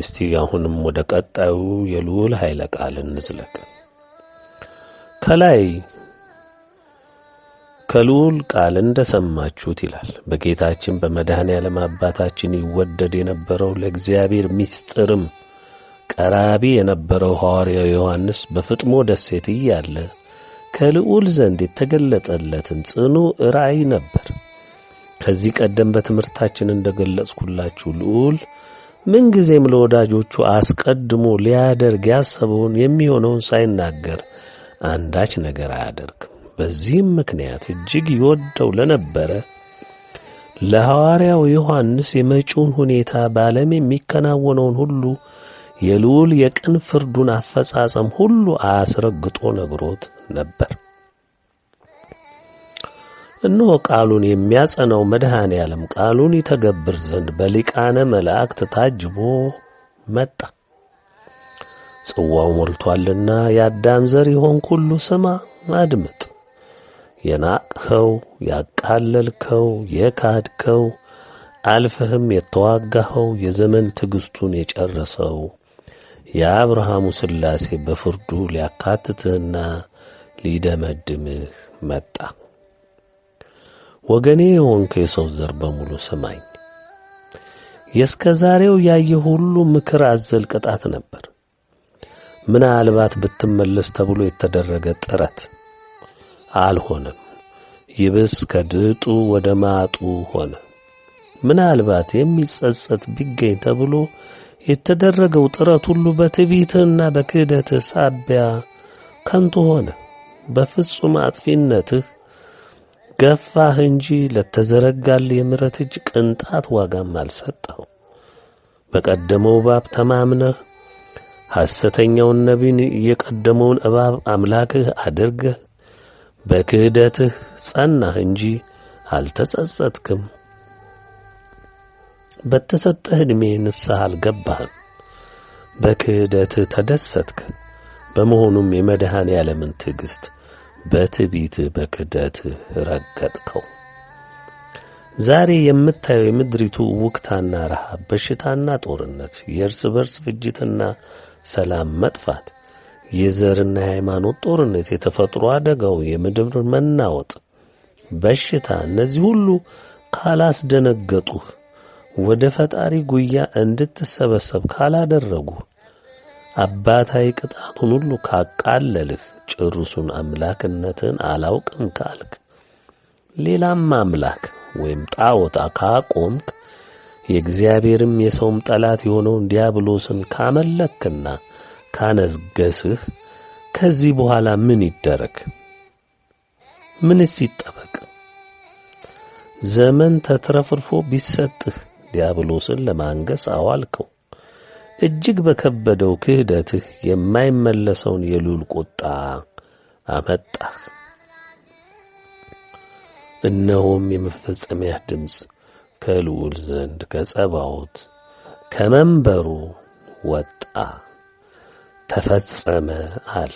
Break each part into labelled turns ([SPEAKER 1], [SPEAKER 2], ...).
[SPEAKER 1] እስቲ አሁንም ወደ ቀጣዩ የልዑል ኃይለ ቃል እንዝለቅ። ከላይ ከልዑል ቃል እንደሰማችሁት ይላል በጌታችን በመድኃኔ ዓለም አባታችን ይወደድ የነበረው ለእግዚአብሔር ምስጢርም ቀራቢ የነበረው ሐዋርያው ዮሐንስ በፍጥሞ ደሴት እያለ ከልዑል ዘንድ የተገለጠለትን ጽኑ ራእይ ነበር። ከዚህ ቀደም በትምህርታችን እንደገለጽኩላችሁ ልዑል ምንጊዜም ለወዳጆቹ አስቀድሞ ሊያደርግ ያሰበውን የሚሆነውን ሳይናገር አንዳች ነገር አያደርግም። በዚህም ምክንያት እጅግ ይወደው ለነበረ ለሐዋርያው ዮሐንስ የመጪውን ሁኔታ በዓለም የሚከናወነውን ሁሉ የልዑል የቅን ፍርዱን አፈጻጸም ሁሉ አስረግጦ ነግሮት ነበር። እነሆ ቃሉን የሚያጸነው መድኃኔ ዓለም ቃሉን ይተገብር ዘንድ በሊቃነ መላእክት ታጅቦ መጣ። ጽዋው ሞልቷልና የአዳም ዘር ይሆን ሁሉ ስማ፣ አድምጥ። የናቅኸው፣ ያቃለልከው፣ የካድከው፣ አልፈህም የተዋጋኸው፣ የዘመን ትዕግሥቱን የጨረሰው የአብርሃሙ ሥላሴ በፍርዱ ሊያካትትህና ሊደመድምህ መጣ። ወገኔ የሆን የሰው ዘር በሙሉ ስማኝ። የእስከ ዛሬው ያየ ሁሉ ምክር አዘል ቅጣት ነበር። ምናልባት ብትመለስ ተብሎ የተደረገ ጥረት አልሆነም። ይብስ ከድጡ ወደ ማጡ ሆነ። ምናልባት የሚጸጸት ቢገኝ ተብሎ የተደረገው ጥረት ሁሉ በትዕቢትህና በክህደትህ ሳቢያ ከንቱ ሆነ። በፍጹም አጥፊነትህ ገፋህ እንጂ ለተዘረጋል የምሕረት እጅ ቅንጣት ዋጋም አልሰጠው። በቀደመው እባብ ተማምነህ ሐሰተኛውን ነቢን የቀደመውን እባብ አምላክህ አድርገህ በክህደትህ ጸናህ እንጂ አልተጸጸትክም። በተሰጠህ ዕድሜ ንስሐ አልገባህም። በክህደትህ ተደሰትክ። በመሆኑም የመድኃኔ ዓለምን ትዕግሥት በትቢት በክደት ረገጥከው። ዛሬ የምታየው የምድሪቱ ውክታና ረሃብ፣ በሽታና ጦርነት፣ የእርስ በርስ ፍጅትና ሰላም መጥፋት፣ የዘርና የሃይማኖት ጦርነት፣ የተፈጥሮ አደጋው፣ የምድር መናወጥ፣ በሽታ፣ እነዚህ ሁሉ ካላስደነገጡህ፣ ወደ ፈጣሪ ጉያ እንድትሰበሰብ ካላደረጉ አባታዊ ቅጣቱን ሁሉ ካቃለልህ ጭርሱን አምላክነትን አላውቅም ካልክ ሌላም አምላክ ወይም ጣዖት ካቆምክ የእግዚአብሔርም የሰውም ጠላት የሆነውን ዲያብሎስን ካመለክና ካነዝገስህ ከዚህ በኋላ ምን ይደረግ? ምንስ ይጠበቅ? ዘመን ተትረፍርፎ ቢሰጥህ ዲያብሎስን ለማንገስ አዋልከው። እጅግ በከበደው ክህደትህ የማይመለሰውን የሉል ቁጣ አመጣህ። እነሆም የመፈጸሚያህ ድምፅ ከልዑል ዘንድ ከጸባዖት ከመንበሩ ወጣ፣ ተፈጸመ አለ።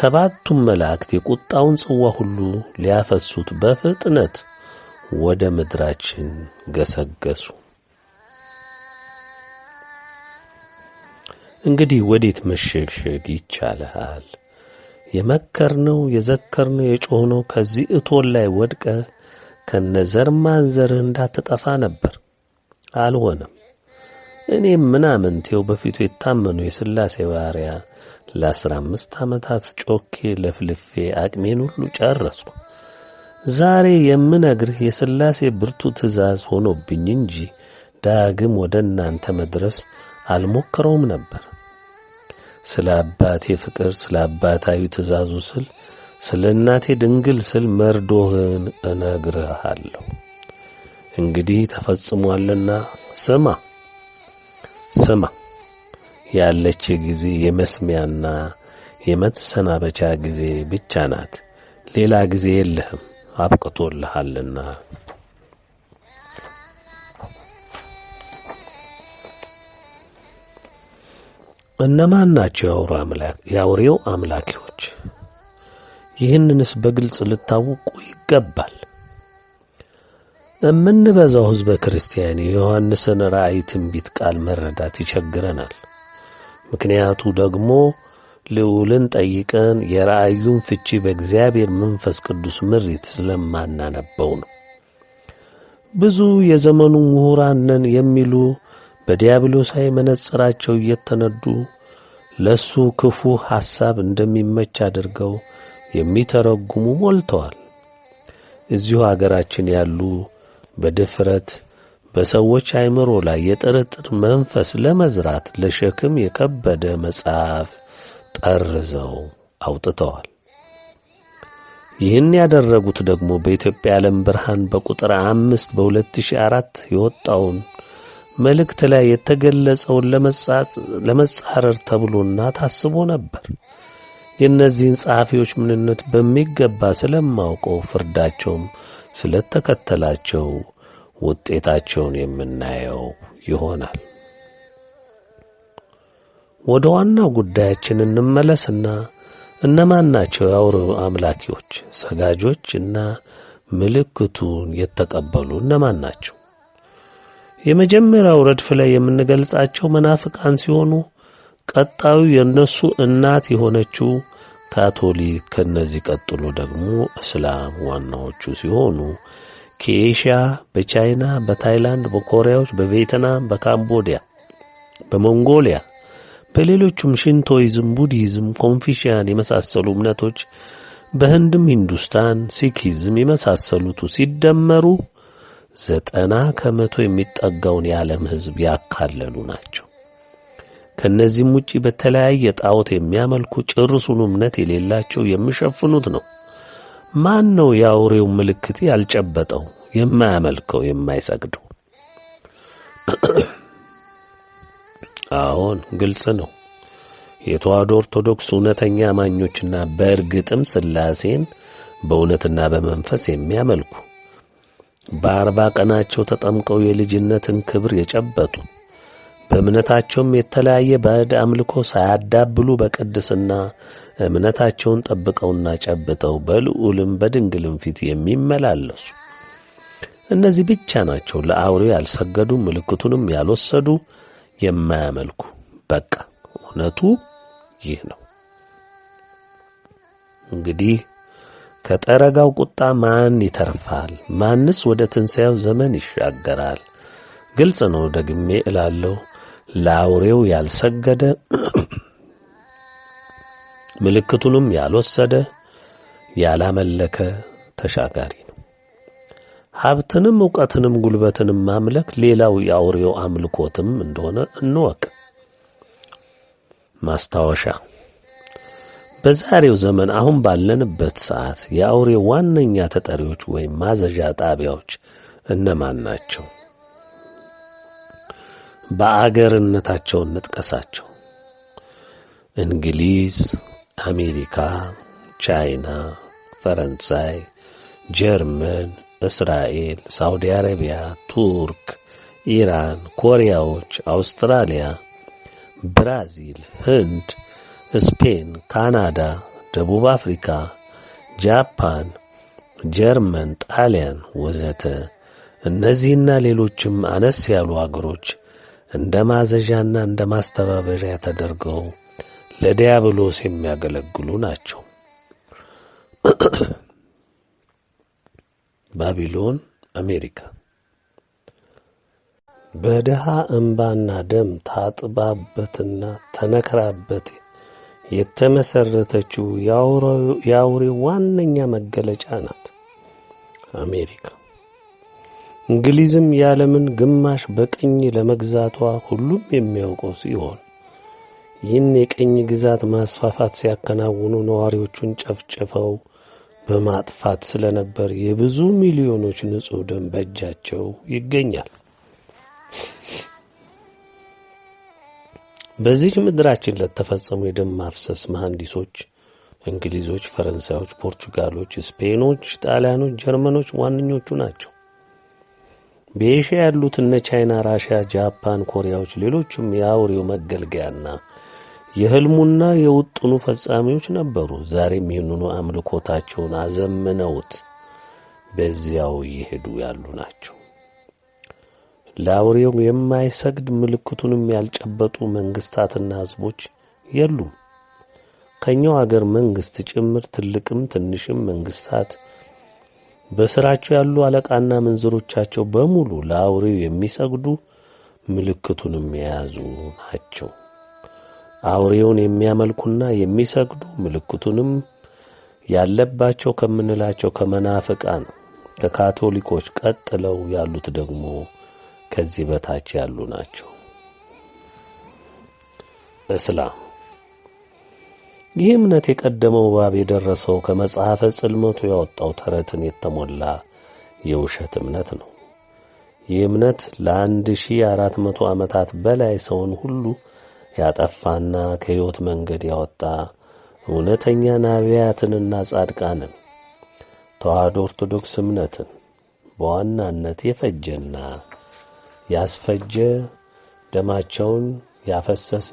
[SPEAKER 1] ሰባቱም መላእክት የቁጣውን ጽዋ ሁሉ ሊያፈሱት በፍጥነት ወደ ምድራችን ገሰገሱ። እንግዲህ ወዴት መሸሸግ ይቻልሃል? የመከርነው የዘከርነው የጮህነው ከዚህ እቶን ላይ ወድቀ ከነዘር ማንዘርህ እንዳትጠፋ ነበር። አልሆነም። እኔም ምናምንቴው በፊቱ የታመኑ የሥላሴ ባሪያ ለአስራ አምስት ዓመታት ጮኬ ለፍልፌ አቅሜን ሁሉ ጨረስኩ። ዛሬ የምነግርህ የሥላሴ ብርቱ ትእዛዝ ሆኖብኝ እንጂ ዳግም ወደ እናንተ መድረስ አልሞክረውም ነበር። ስለ አባቴ ፍቅር፣ ስለ አባታዊ ትእዛዙ ስል ስለ እናቴ ድንግል ስል መርዶህን እነግርሃለሁ። እንግዲህ ተፈጽሟልና ስማ ስማ። ያለች ጊዜ የመስሚያና የመሰናበቻ ጊዜ ብቻ ናት። ሌላ ጊዜ የለህም፣ አብቅቶልሃልና። እነማን ናቸው የአውሬው አምላኪዎች? ይህንንስ በግልጽ ልታውቁ ይገባል። የምንበዛው ሕዝበ ክርስቲያን የዮሐንስን ራእይ ትንቢት ቃል መረዳት ይቸግረናል። ምክንያቱ ደግሞ ልዑልን ጠይቀን የራእዩን ፍቺ በእግዚአብሔር መንፈስ ቅዱስ ምሪት ስለማናነበው ነው። ብዙ የዘመኑ ምሁራን ነን የሚሉ በዲያብሎሳዊ መነጽራቸው እየተነዱ ለሱ ክፉ ሐሳብ እንደሚመች አድርገው የሚተረጉሙ ሞልተዋል። እዚሁ አገራችን ያሉ በድፍረት በሰዎች አእምሮ ላይ የጥርጥር መንፈስ ለመዝራት ለሸክም የከበደ መጽሐፍ ጠርዘው አውጥተዋል። ይህን ያደረጉት ደግሞ በኢትዮጵያ ዓለም ብርሃን በቁጥር አምስት በ2004 የወጣውን መልእክት ላይ የተገለጸውን ለመጻረር ተብሎና ታስቦ ነበር። የእነዚህን ጸሐፊዎች ምንነት በሚገባ ስለማውቀው ፍርዳቸውም ስለተከተላቸው ውጤታቸውን የምናየው ይሆናል። ወደ ዋናው ጉዳያችን እንመለስና እነማን ናቸው የአውሮ አምላኪዎች፣ ሰጋጆች እና ምልክቱን የተቀበሉ እነማን ናቸው? የመጀመሪያው ረድፍ ላይ የምንገልጻቸው መናፍቃን ሲሆኑ ቀጣዩ የእነሱ እናት የሆነችው ካቶሊክ፣ ከእነዚህ ቀጥሎ ደግሞ እስላም ዋናዎቹ ሲሆኑ ከኤሽያ በቻይና፣ በታይላንድ፣ በኮሪያዎች፣ በቬትናም፣ በካምቦዲያ፣ በሞንጎሊያ፣ በሌሎቹም ሽንቶይዝም፣ ቡዲዝም፣ ኮንፊሽያን የመሳሰሉ እምነቶች በህንድም ሂንዱስታን፣ ሲኪዝም የመሳሰሉቱ ሲደመሩ ዘጠና ከመቶ የሚጠጋውን የዓለም ሕዝብ ያካለሉ ናቸው። ከእነዚህም ውጪ በተለያየ ጣዖት የሚያመልኩ ጭርሱን እምነት የሌላቸው የሚሸፍኑት ነው። ማን ነው የአውሬው ምልክት ያልጨበጠው የማያመልከው የማይሰግደው? አዎን ግልጽ ነው። የተዋህዶ ኦርቶዶክስ እውነተኛ አማኞችና በእርግጥም ሥላሴን በእውነትና በመንፈስ የሚያመልኩ በአርባ ቀናቸው ተጠምቀው የልጅነትን ክብር የጨበጡ በእምነታቸውም የተለያየ ባዕድ አምልኮ ሳያዳብሉ በቅድስና እምነታቸውን ጠብቀውና ጨብጠው በልዑልም በድንግልም ፊት የሚመላለሱ እነዚህ ብቻ ናቸው። ለአውሬ ያልሰገዱ ምልክቱንም ያልወሰዱ የማያመልኩ። በቃ እውነቱ ይህ ነው እንግዲህ ከጠረጋው ቁጣ ማን ይተርፋል? ማንስ ወደ ትንሣኤው ዘመን ይሻገራል? ግልጽ ነው፣ ደግሜ እላለሁ። ለአውሬው ያልሰገደ ምልክቱንም ያልወሰደ ያላመለከ ተሻጋሪ ነው። ሀብትንም እውቀትንም ጉልበትንም ማምለክ ሌላው የአውሬው አምልኮትም እንደሆነ እንወቅ። ማስታወሻ በዛሬው ዘመን አሁን ባለንበት ሰዓት የአውሬ ዋነኛ ተጠሪዎች ወይም ማዘዣ ጣቢያዎች እነማን ናቸው? በአገርነታቸውን እንጥቀሳቸው። እንግሊዝ፣ አሜሪካ፣ ቻይና፣ ፈረንሳይ፣ ጀርመን፣ እስራኤል፣ ሳውዲ አረቢያ፣ ቱርክ፣ ኢራን፣ ኮሪያዎች፣ አውስትራሊያ፣ ብራዚል፣ ህንድ ስፔን፣ ካናዳ፣ ደቡብ አፍሪካ፣ ጃፓን፣ ጀርመን፣ ጣሊያን ወዘተ እነዚህና ሌሎችም አነስ ያሉ አገሮች እንደ ማዘዣና እንደ ማስተባበሪያ ተደርገው ለዲያብሎስ የሚያገለግሉ ናቸው። ባቢሎን አሜሪካ በድሃ እምባና ደም ታጥባበትና ተነክራበት የተመሰረተችው የአውሬው ዋነኛ መገለጫ ናት። አሜሪካ እንግሊዝም የዓለምን ግማሽ በቅኝ ለመግዛቷ ሁሉም የሚያውቀው ሲሆን ይህን የቅኝ ግዛት ማስፋፋት ሲያከናውኑ ነዋሪዎቹን ጨፍጭፈው በማጥፋት ስለነበር የብዙ ሚሊዮኖች ንጹሕ ደም በእጃቸው ይገኛል። በዚህ ምድራችን ለተፈጸሙ የደም ማፍሰስ መሐንዲሶች እንግሊዞች፣ ፈረንሳዮች፣ ፖርቹጋሎች፣ ስፔኖች፣ ጣሊያኖች፣ ጀርመኖች ዋነኞቹ ናቸው። በኤሽያ ያሉት እነ ቻይና፣ ራሽያ፣ ጃፓን፣ ኮሪያዎች ሌሎችም የአውሬው መገልገያና የህልሙና የውጥኑ ፈጻሚዎች ነበሩ። ዛሬም ይህንኑ አምልኮታቸውን አዘምነውት በዚያው ይሄዱ ያሉ ናቸው። ለአውሬው የማይሰግድ ምልክቱንም ያልጨበጡ መንግሥታትና ሕዝቦች የሉም። ከኛው አገር መንግሥት ጭምር ትልቅም ትንሽም መንግሥታት በሥራቸው ያሉ አለቃና መንዝሮቻቸው በሙሉ ለአውሬው የሚሰግዱ ምልክቱንም የያዙ ናቸው። አውሬውን የሚያመልኩና የሚሰግዱ ምልክቱንም ያለባቸው ከምንላቸው ከመናፍቃን ከካቶሊኮች ቀጥለው ያሉት ደግሞ ከዚህ በታች ያሉ ናቸው። እስላም ይህ እምነት የቀደመው ባብ የደረሰው ከመጽሐፈ ጽልመቱ ያወጣው ተረትን የተሞላ የውሸት እምነት ነው። ይህ እምነት ለአንድ ሺህ አራት መቶ ዓመታት በላይ ሰውን ሁሉ ያጠፋና ከሕይወት መንገድ ያወጣ እውነተኛ ናቢያትንና ጻድቃንን ተዋህዶ ኦርቶዶክስ እምነትን በዋናነት የፈጀና ያስፈጀ ደማቸውን ያፈሰሰ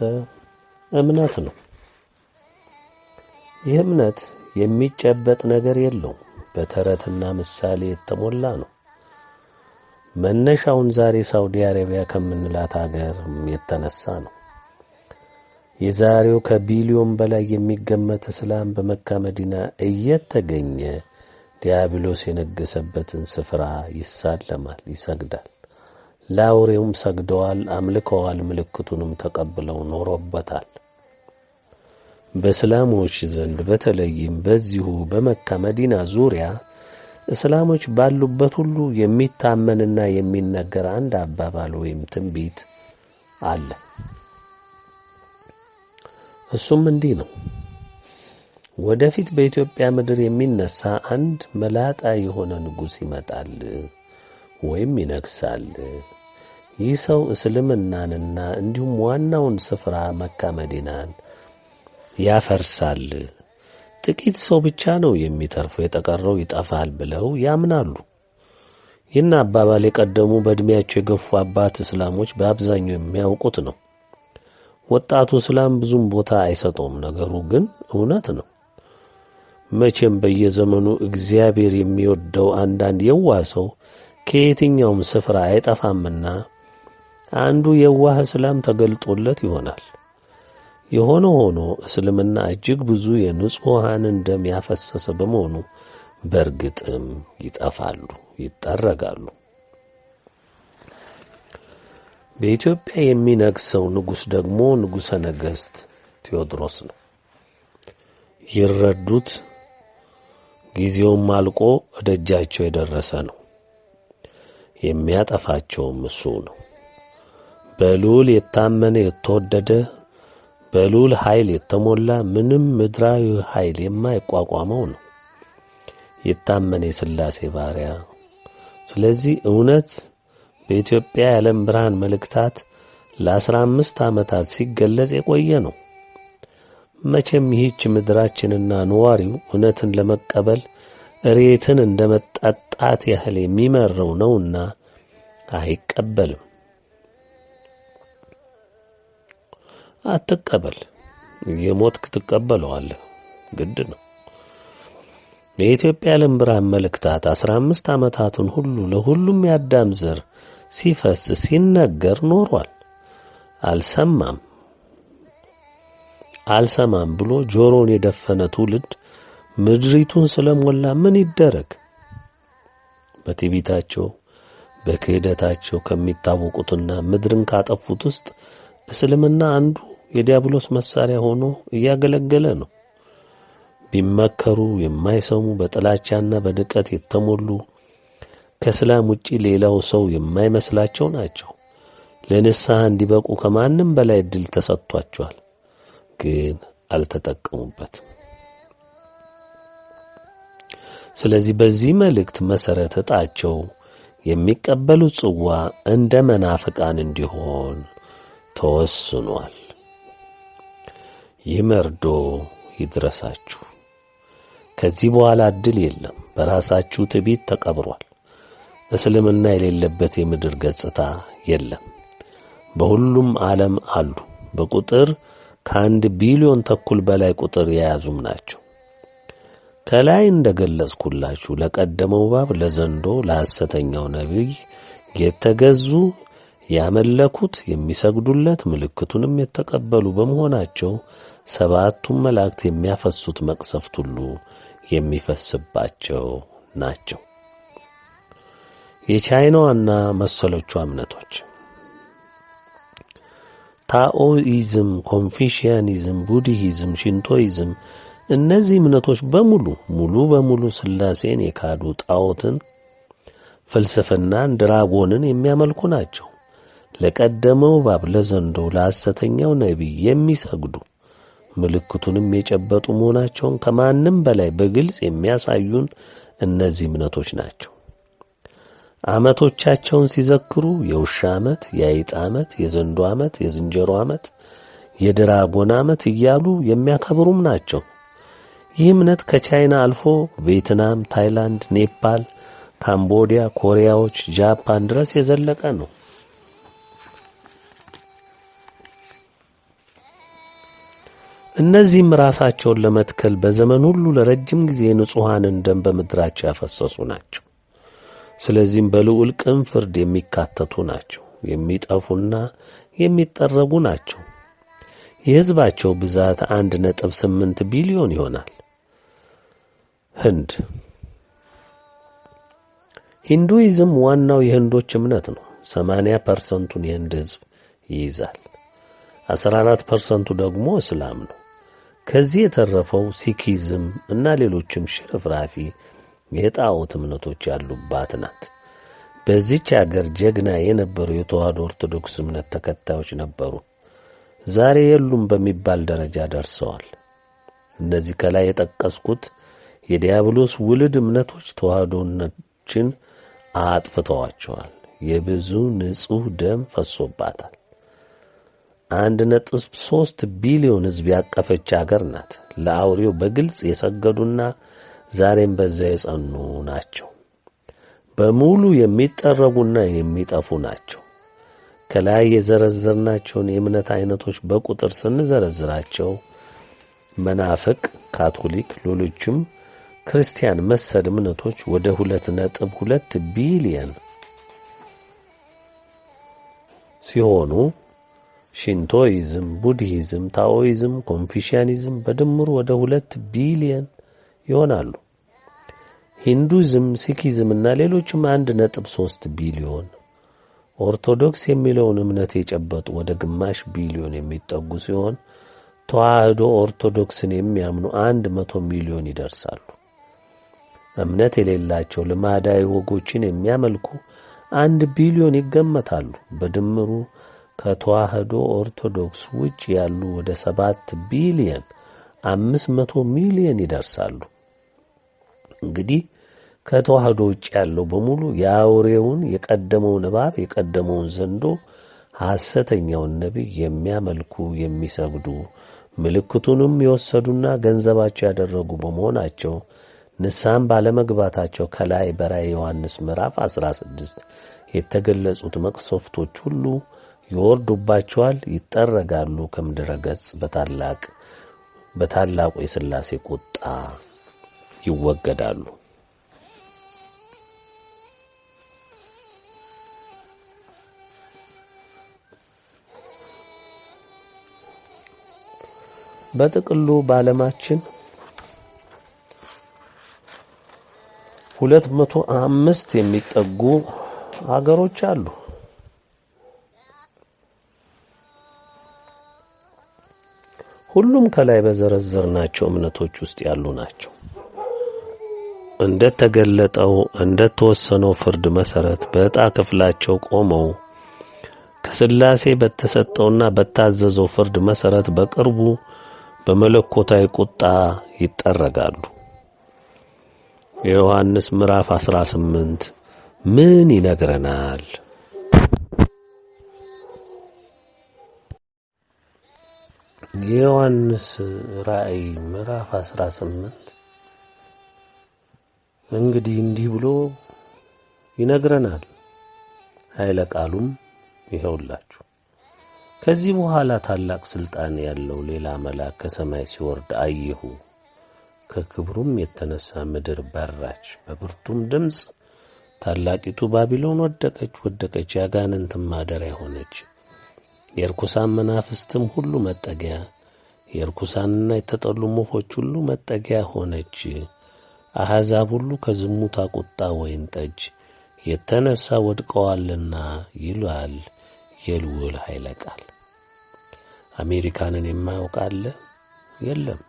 [SPEAKER 1] እምነት ነው። ይህ እምነት የሚጨበጥ ነገር የለውም። በተረትና ምሳሌ የተሞላ ነው። መነሻውን ዛሬ ሳውዲ አረቢያ ከምንላት አገር የተነሳ ነው። የዛሬው ከቢሊዮን በላይ የሚገመት እስላም በመካ መዲና እየተገኘ ዲያብሎስ የነገሰበትን ስፍራ ይሳለማል፣ ይሰግዳል። ለአውሬውም ሰግደዋል፣ አምልከዋል፣ ምልክቱንም ተቀብለው ኖሮበታል። በእስላሞች ዘንድ በተለይም በዚሁ በመካ መዲና ዙሪያ እስላሞች ባሉበት ሁሉ የሚታመንና የሚነገር አንድ አባባል ወይም ትንቢት አለ። እሱም እንዲህ ነው። ወደፊት በኢትዮጵያ ምድር የሚነሳ አንድ መላጣ የሆነ ንጉሥ ይመጣል ወይም ይነግሳል። ይህ ሰው እስልምናንና እንዲሁም ዋናውን ስፍራ መካ መዲናን ያፈርሳል፣ ጥቂት ሰው ብቻ ነው የሚተርፈው፣ የተቀረው ይጠፋል ብለው ያምናሉ። ይህን አባባል የቀደሙ በዕድሜያቸው የገፉ አባት እስላሞች በአብዛኛው የሚያውቁት ነው። ወጣቱ እስላም ብዙም ቦታ አይሰጠውም። ነገሩ ግን እውነት ነው። መቼም በየዘመኑ እግዚአብሔር የሚወደው አንዳንድ የዋ ሰው ከየትኛውም ስፍራ አይጠፋምና አንዱ የዋህ እስላም ተገልጦለት ይሆናል። የሆነ ሆኖ እስልምና እጅግ ብዙ የንጹሐንን ደም ያፈሰሰ በመሆኑ በእርግጥም ይጠፋሉ፣ ይጠረጋሉ። በኢትዮጵያ የሚነግሰው ንጉሥ ደግሞ ንጉሠ ነገሥት ቴዎድሮስ ነው። ይረዱት ጊዜውም አልቆ እደጃቸው የደረሰ ነው። የሚያጠፋቸውም እሱ ነው። በልዑል የታመነ የተወደደ በልዑል ኃይል የተሞላ ምንም ምድራዊ ኃይል የማይቋቋመው ነው። የታመነ የሥላሴ ባሪያ። ስለዚህ እውነት በኢትዮጵያ የዓለም ብርሃን መልእክታት ለአስራ አምስት ዓመታት ሲገለጽ የቆየ ነው። መቼም ይህች ምድራችንና ነዋሪው እውነትን ለመቀበል እሬትን እንደ መጠጣት ያህል የሚመረው ነውና አይቀበልም። አትቀበል። የሞትክ ትቀበለዋለህ። ግድ ነው። የኢትዮጵያ የዓለም ብርሃን መልእክታት አስራ አምስት ዓመታቱን ሁሉ ለሁሉም የአዳም ዘር ሲፈስ ሲነገር ኖሯል። አልሰማም አልሰማም ብሎ ጆሮን የደፈነ ትውልድ ምድሪቱን ስለሞላ ምን ይደረግ? በትዕቢታቸው በክህደታቸው ከሚታወቁትና ምድርን ካጠፉት ውስጥ እስልምና አንዱ የዲያብሎስ መሳሪያ ሆኖ እያገለገለ ነው። ቢመከሩ የማይሰሙ በጥላቻና በንቀት የተሞሉ ከስላም ውጪ ሌላው ሰው የማይመስላቸው ናቸው። ለንስሐ እንዲበቁ ከማንም በላይ እድል ተሰጥቷቸዋል፣ ግን አልተጠቀሙበትም። ስለዚህ በዚህ መልእክት መሠረት ዕጣቸው የሚቀበሉት ጽዋ እንደ መናፍቃን እንዲሆን ተወስኗል። ይህ መርዶ ይድረሳችሁ። ከዚህ በኋላ ዕድል የለም። በራሳችሁ ትቢት ተቀብሯል። እስልምና የሌለበት የምድር ገጽታ የለም። በሁሉም ዓለም አሉ። በቁጥር ከአንድ ቢሊዮን ተኩል በላይ ቁጥር የያዙም ናቸው። ከላይ እንደ ገለጽኩላችሁ ለቀደመው እባብ፣ ለዘንዶ፣ ለሐሰተኛው ነቢይ የተገዙ ያመለኩት የሚሰግዱለት ምልክቱንም የተቀበሉ በመሆናቸው ሰባቱን መላእክት የሚያፈሱት መቅሰፍት ሁሉ የሚፈስባቸው ናቸው። የቻይናዋና መሰሎቿ እምነቶች ታኦኢዝም፣ ኮንፊሽያኒዝም፣ ቡድሂዝም፣ ሽንቶይዝም እነዚህ እምነቶች በሙሉ ሙሉ በሙሉ ሥላሴን የካዱ ጣዖትን፣ ፍልስፍናን፣ ድራጎንን የሚያመልኩ ናቸው። ለቀደመው እባብ፣ ለዘንዶ ለሐሰተኛው ነቢይ የሚሰግዱ ምልክቱንም የጨበጡ መሆናቸውን ከማንም በላይ በግልጽ የሚያሳዩን እነዚህ እምነቶች ናቸው። ዓመቶቻቸውን ሲዘክሩ የውሻ ዓመት፣ የአይጥ ዓመት፣ የዘንዶ ዓመት፣ የዝንጀሮ ዓመት፣ የድራጎን ዓመት እያሉ የሚያከብሩም ናቸው። ይህ እምነት ከቻይና አልፎ ቬትናም፣ ታይላንድ፣ ኔፓል፣ ካምቦዲያ፣ ኮሪያዎች፣ ጃፓን ድረስ የዘለቀ ነው። እነዚህም ራሳቸውን ለመትከል በዘመን ሁሉ ለረጅም ጊዜ ንጹሐንን ደም በምድራቸው ያፈሰሱ ናቸው። ስለዚህም በልዑል ቅን ፍርድ የሚካተቱ ናቸው። የሚጠፉና የሚጠረጉ ናቸው። የሕዝባቸው ብዛት አንድ ነጥብ ስምንት ቢሊዮን ይሆናል። ህንድ ሂንዱይዝም ዋናው የህንዶች እምነት ነው። ሰማንያ ፐርሰንቱን የህንድ ሕዝብ ይይዛል። 14 አራት ፐርሰንቱ ደግሞ እስላም ነው። ከዚህ የተረፈው ሲኪዝም እና ሌሎችም ሽርፍራፊ የጣዖት እምነቶች ያሉባት ናት። በዚች አገር ጀግና የነበሩ የተዋህዶ ኦርቶዶክስ እምነት ተከታዮች ነበሩ። ዛሬ የሉም በሚባል ደረጃ ደርሰዋል። እነዚህ ከላይ የጠቀስኩት የዲያብሎስ ውልድ እምነቶች ተዋሕዶነችን አጥፍተዋቸዋል። የብዙ ንጹሕ ደም ፈሶባታል። አንድ ነጥብ ሦስት ቢሊዮን ሕዝብ ያቀፈች አገር ናት። ለአውሬው በግልጽ የሰገዱና ዛሬም በዚያ የጸኑ ናቸው። በሙሉ የሚጠረጉና የሚጠፉ ናቸው። ከላይ የዘረዘርናቸውን የእምነት አይነቶች በቁጥር ስንዘረዝራቸው መናፍቅ፣ ካቶሊክ፣ ሌሎችም ክርስቲያን መሰል እምነቶች ወደ ሁለት ነጥብ ሁለት ቢሊየን ሲሆኑ ሽንቶይዝም ቡድሂዝም፣ ታኦይዝም፣ ኮንፊሽያኒዝም በድምሩ ወደ ሁለት ቢሊየን ይሆናሉ። ሂንዱይዝም፣ ሲኪዝም እና ሌሎችም አንድ ነጥብ ሶስት ቢሊዮን ኦርቶዶክስ የሚለውን እምነት የጨበጡ ወደ ግማሽ ቢሊዮን የሚጠጉ ሲሆን ተዋህዶ ኦርቶዶክስን የሚያምኑ አንድ መቶ ሚሊዮን ይደርሳሉ። እምነት የሌላቸው ልማዳዊ ወጎችን የሚያመልኩ አንድ ቢሊዮን ይገመታሉ። በድምሩ ከተዋህዶ ኦርቶዶክስ ውጭ ያሉ ወደ ሰባት ቢሊየን አምስት መቶ ሚሊየን ይደርሳሉ። እንግዲህ ከተዋህዶ ውጭ ያለው በሙሉ የአውሬውን የቀደመውን እባብ የቀደመውን ዘንዶ ሐሰተኛውን ነቢይ የሚያመልኩ የሚሰግዱ ምልክቱንም የወሰዱና ገንዘባቸው ያደረጉ በመሆናቸው ንስሐም ባለመግባታቸው ከላይ በራእየ ዮሐንስ ምዕራፍ 16 የተገለጹት መቅሰፍቶች ሁሉ ይወርዱባቸዋል፣ ይጠረጋሉ ከምድረ ገጽ በታላቅ በታላቁ የሥላሴ ቁጣ ይወገዳሉ። በጥቅሉ በዓለማችን ሁለት መቶ አምስት የሚጠጉ አገሮች አሉ። ሁሉም ከላይ በዘረዘርናቸው እምነቶች ውስጥ ያሉ ናቸው። እንደተገለጠው እንደተወሰነው ፍርድ መሰረት በዕጣ ክፍላቸው ቆመው ከሥላሴ በተሰጠውና በታዘዘው ፍርድ መሰረት በቅርቡ በመለኮታዊ ቁጣ ይጠረጋሉ። የዮሐንስ ምዕራፍ 18 ምን ይነግረናል? የዮሐንስ ራእይ ምዕራፍ 18 እንግዲህ እንዲህ ብሎ ይነግረናል። ኃይለ ቃሉም ይኸውላችሁ ከዚህ በኋላ ታላቅ ሥልጣን ያለው ሌላ መልአክ ከሰማይ ሲወርድ አየሁ። ከክብሩም የተነሳ ምድር በራች፣ በብርቱም ድምፅ ታላቂቱ ባቢሎን ወደቀች፣ ወደቀች፣ ያጋንንት ማደሪያ ሆነች የርኩሳን መናፍስትም ሁሉ መጠጊያ፣ የርኩሳንና የተጠሉ ሞፎች ሁሉ መጠጊያ ሆነች። አሕዛብ ሁሉ ከዝሙታ ቁጣ ወይን ጠጅ የተነሣ ወድቀዋልና ይሏል የልውል ኃይለ ቃል። አሜሪካንን የማያውቅ አለ? የለም፣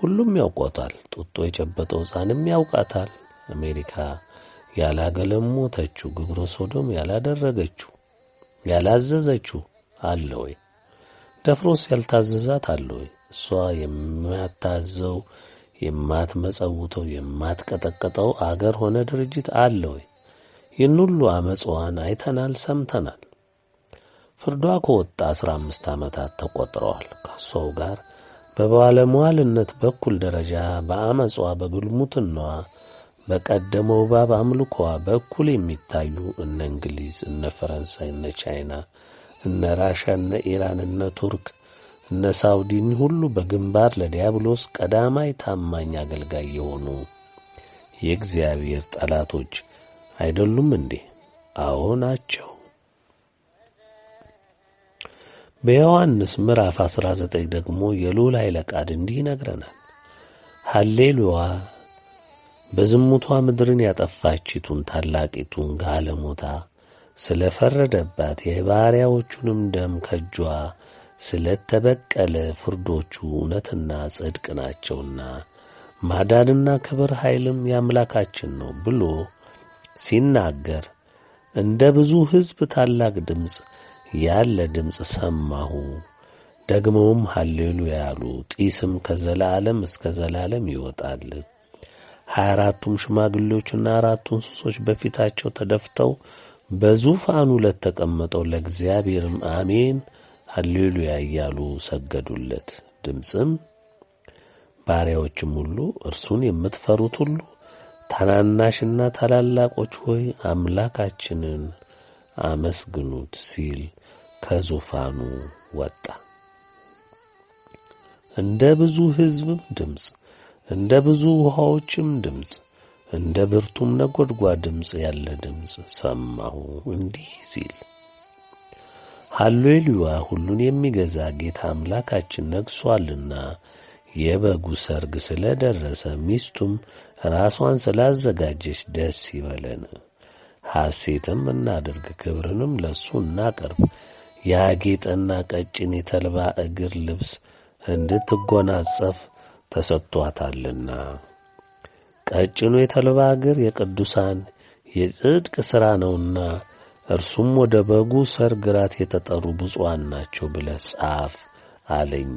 [SPEAKER 1] ሁሉም ያውቆታል። ጡጦ የጨበጠው ሕፃንም ያውቃታል። አሜሪካ ያላገለሞተችው ግብረ ሶዶም ያላደረገችው ያላዘዘችው አለ ወይ? ደፍሮስ ያልታዘዛት አለ ወይ? እሷ የማታዘው የማትመጸውተው የማትቀጠቀጠው አገር ሆነ ድርጅት አለ ወይ? ይህን ሁሉ አመፅዋን አይተናል፣ ሰምተናል። ፍርዷ ከወጣ አስራ አምስት ዓመታት ተቆጥረዋል። ከእሷው ጋር በባለሟልነት በኩል ደረጃ በአመፅዋ በብልሙትናዋ በቀደመው እባብ አምልኮዋ በኩል የሚታዩ እነ እንግሊዝ፣ እነ ፈረንሳይ፣ እነ ቻይና፣ እነ ራሻ፣ እነ ኢራን፣ እነ ቱርክ፣ እነ ሳውዲን ሁሉ በግንባር ለዲያብሎስ ቀዳማይ ታማኝ አገልጋይ የሆኑ የእግዚአብሔር ጠላቶች አይደሉም እንዴ? አዎ ናቸው። በዮሐንስ ምዕራፍ 19 ደግሞ የልዑል ኃይለ ቃል እንዲህ ይነግረናል። ሐሌሉያ በዝሙቷ ምድርን ያጠፋችቱን ታላቂቱን ጋለሞታ ስለ ፈረደባት የባሪያዎቹንም ደም ከጇ ስለ ተበቀለ ፍርዶቹ እውነትና ጽድቅ ናቸውና ማዳንና ክብር ኃይልም ያምላካችን ነው ብሎ ሲናገር እንደ ብዙ ሕዝብ ታላቅ ድምፅ ያለ ድምፅ ሰማሁ። ደግሞም ሃሌሉያ አሉ። ጢስም ከዘላለም እስከ ዘላለም ይወጣል። ሀያ አራቱም ሽማግሌዎችና አራቱ እንስሶች በፊታቸው ተደፍተው በዙፋኑ ተቀመጠው ለእግዚአብሔርም አሜን ሀሌሉያ እያሉ ሰገዱለት። ድምፅም ባሪያዎችም ሁሉ እርሱን የምትፈሩት ሁሉ ታናናሽና ታላላቆች ሆይ አምላካችንን አመስግኑት ሲል ከዙፋኑ ወጣ። እንደ ብዙ ሕዝብም ድምፅ እንደ ብዙ ውሃዎችም ድምፅ እንደ ብርቱም ነጎድጓ ድምፅ ያለ ድምፅ ሰማሁ እንዲህ ሲል ሃሌሉያ ሁሉን የሚገዛ ጌታ አምላካችን ነግሷልና የበጉ ሰርግ ስለ ደረሰ ሚስቱም ራሷን ስላዘጋጀች ደስ ይበለን፣ ሐሴትም እናድርግ፣ ክብርንም ለሱ እናቀርብ ያጌጠና ቀጭን የተልባ እግር ልብስ እንድትጎናጸፍ ተሰጥቷታልና። ቀጭኑ የተልባ እግር የቅዱሳን የጽድቅ ሥራ ነውና እርሱም ወደ በጉ ሰርግራት የተጠሩ ብፁዓን ናቸው ብለ ጻፍ አለኝ።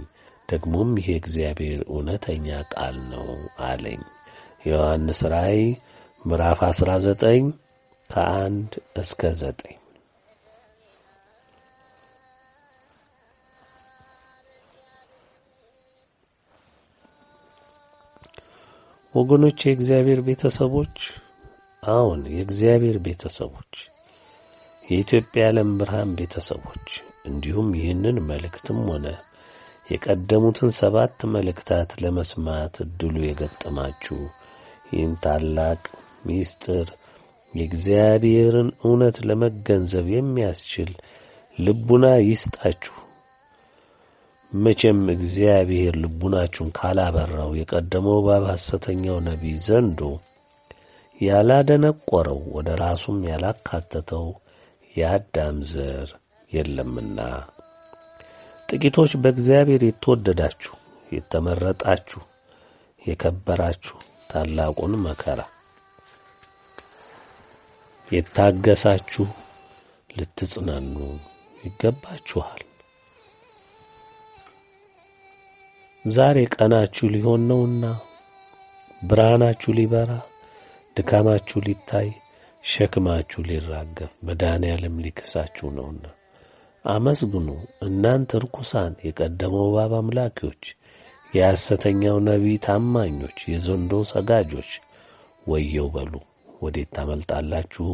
[SPEAKER 1] ደግሞም ይሄ እግዚአብሔር እውነተኛ ቃል ነው አለኝ። ዮሐንስ ራእይ ምዕራፍ 19 ከአንድ እስከ ዘጠኝ ወገኖች፣ የእግዚአብሔር ቤተሰቦች፣ አሁን የእግዚአብሔር ቤተሰቦች፣ የኢትዮጵያ የዓለም ብርሃን ቤተሰቦች እንዲሁም ይህንን መልእክትም ሆነ የቀደሙትን ሰባት መልእክታት ለመስማት እድሉ የገጠማችሁ ይህን ታላቅ ሚስጥር የእግዚአብሔርን እውነት ለመገንዘብ የሚያስችል ልቡና ይስጣችሁ። መቼም እግዚአብሔር ልቡናችሁን ካላበራው የቀደመው እባብ ሐሰተኛው ነቢይ ዘንዶ ያላደነቆረው ወደ ራሱም ያላካተተው የአዳም ዘር የለምና ጥቂቶች በእግዚአብሔር የተወደዳችሁ የተመረጣችሁ የከበራችሁ ታላቁን መከራ የታገሳችሁ ልትጽናኑ ይገባችኋል። ዛሬ ቀናችሁ ሊሆን ነውና ብርሃናችሁ ሊበራ፣ ድካማችሁ ሊታይ፣ ሸክማችሁ ሊራገፍ መድኃኔ ዓለም ሊክሳችሁ ነውና አመስግኑ እናንተ ርኩሳን፣ የቀደመው እባብ አምላኪዎች፣ የሐሰተኛው ነቢይ ታማኞች፣ የዘንዶ ሰጋጆች ወየው በሉ። ወዴት ታመልጣላችሁ?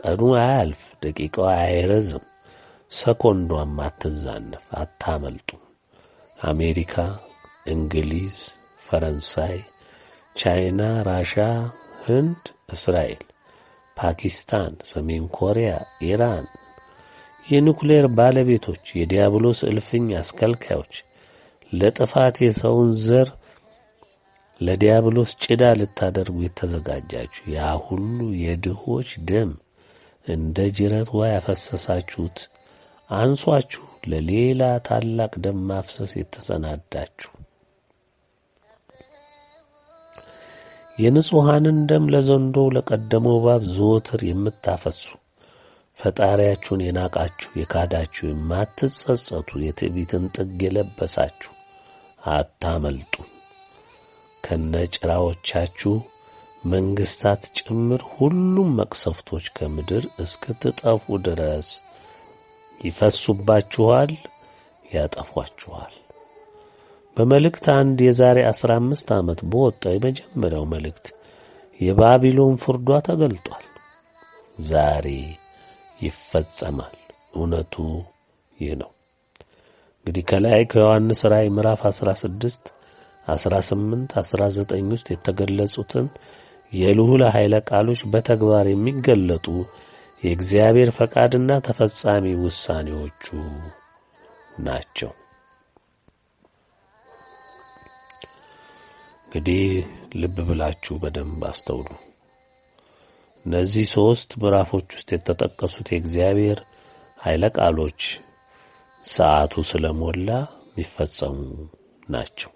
[SPEAKER 1] ቀኑ አያልፍ፣ ደቂቃዋ አይረዝም፣ ሰኮንዷም አትዛነፍ። አታመልጡ። አሜሪካ፣ እንግሊዝ፣ ፈረንሳይ፣ ቻይና፣ ራሽያ፣ ህንድ፣ እስራኤል፣ ፓኪስታን፣ ሰሜን ኮሪያ፣ ኢራን፣ የኑክሌር ባለቤቶች፣ የዲያብሎስ እልፍኝ አስከልካዮች ለጥፋት የሰውን ዘር ለዲያብሎስ ጭዳ ልታደርጉ የተዘጋጃችሁ ያ ሁሉ የድሆች ደም እንደ ጅረት ውሃ ያፈሰሳችሁት አንሷችሁ ለሌላ ታላቅ ደም ማፍሰስ የተሰናዳችሁ የንጹሐንን ደም ለዘንዶ ለቀደመው እባብ ዘወትር የምታፈሱ ፈጣሪያችሁን የናቃችሁ የካዳችሁ የማትጸጸቱ የትዕቢትን ጥግ የለበሳችሁ አታመልጡ። ከነ ጭራዎቻችሁ መንግሥታት ጭምር ሁሉም መቅሰፍቶች ከምድር እስክትጠፉ ድረስ ይፈሱባችኋል፣ ያጠፏችኋል። በመልእክት አንድ የዛሬ አስራ አምስት ዓመት በወጣው የመጀመሪያው መልእክት የባቢሎን ፍርዷ ተገልጧል። ዛሬ ይፈጸማል። እውነቱ ይህ ነው። እንግዲህ ከላይ ከዮሐንስ ራእይ ምዕራፍ 16፣ 18፣ 19 ውስጥ የተገለጹትን የልዑል ኃይለ ቃሎች በተግባር የሚገለጡ የእግዚአብሔር ፈቃድና ተፈጻሚ ውሳኔዎቹ ናቸው። እንግዲህ ልብ ብላችሁ በደንብ አስተውሉ። እነዚህ ሦስት ምዕራፎች ውስጥ የተጠቀሱት የእግዚአብሔር ኃይለ ቃሎች ሰዓቱ ስለሞላ የሚፈጸሙ ናቸው።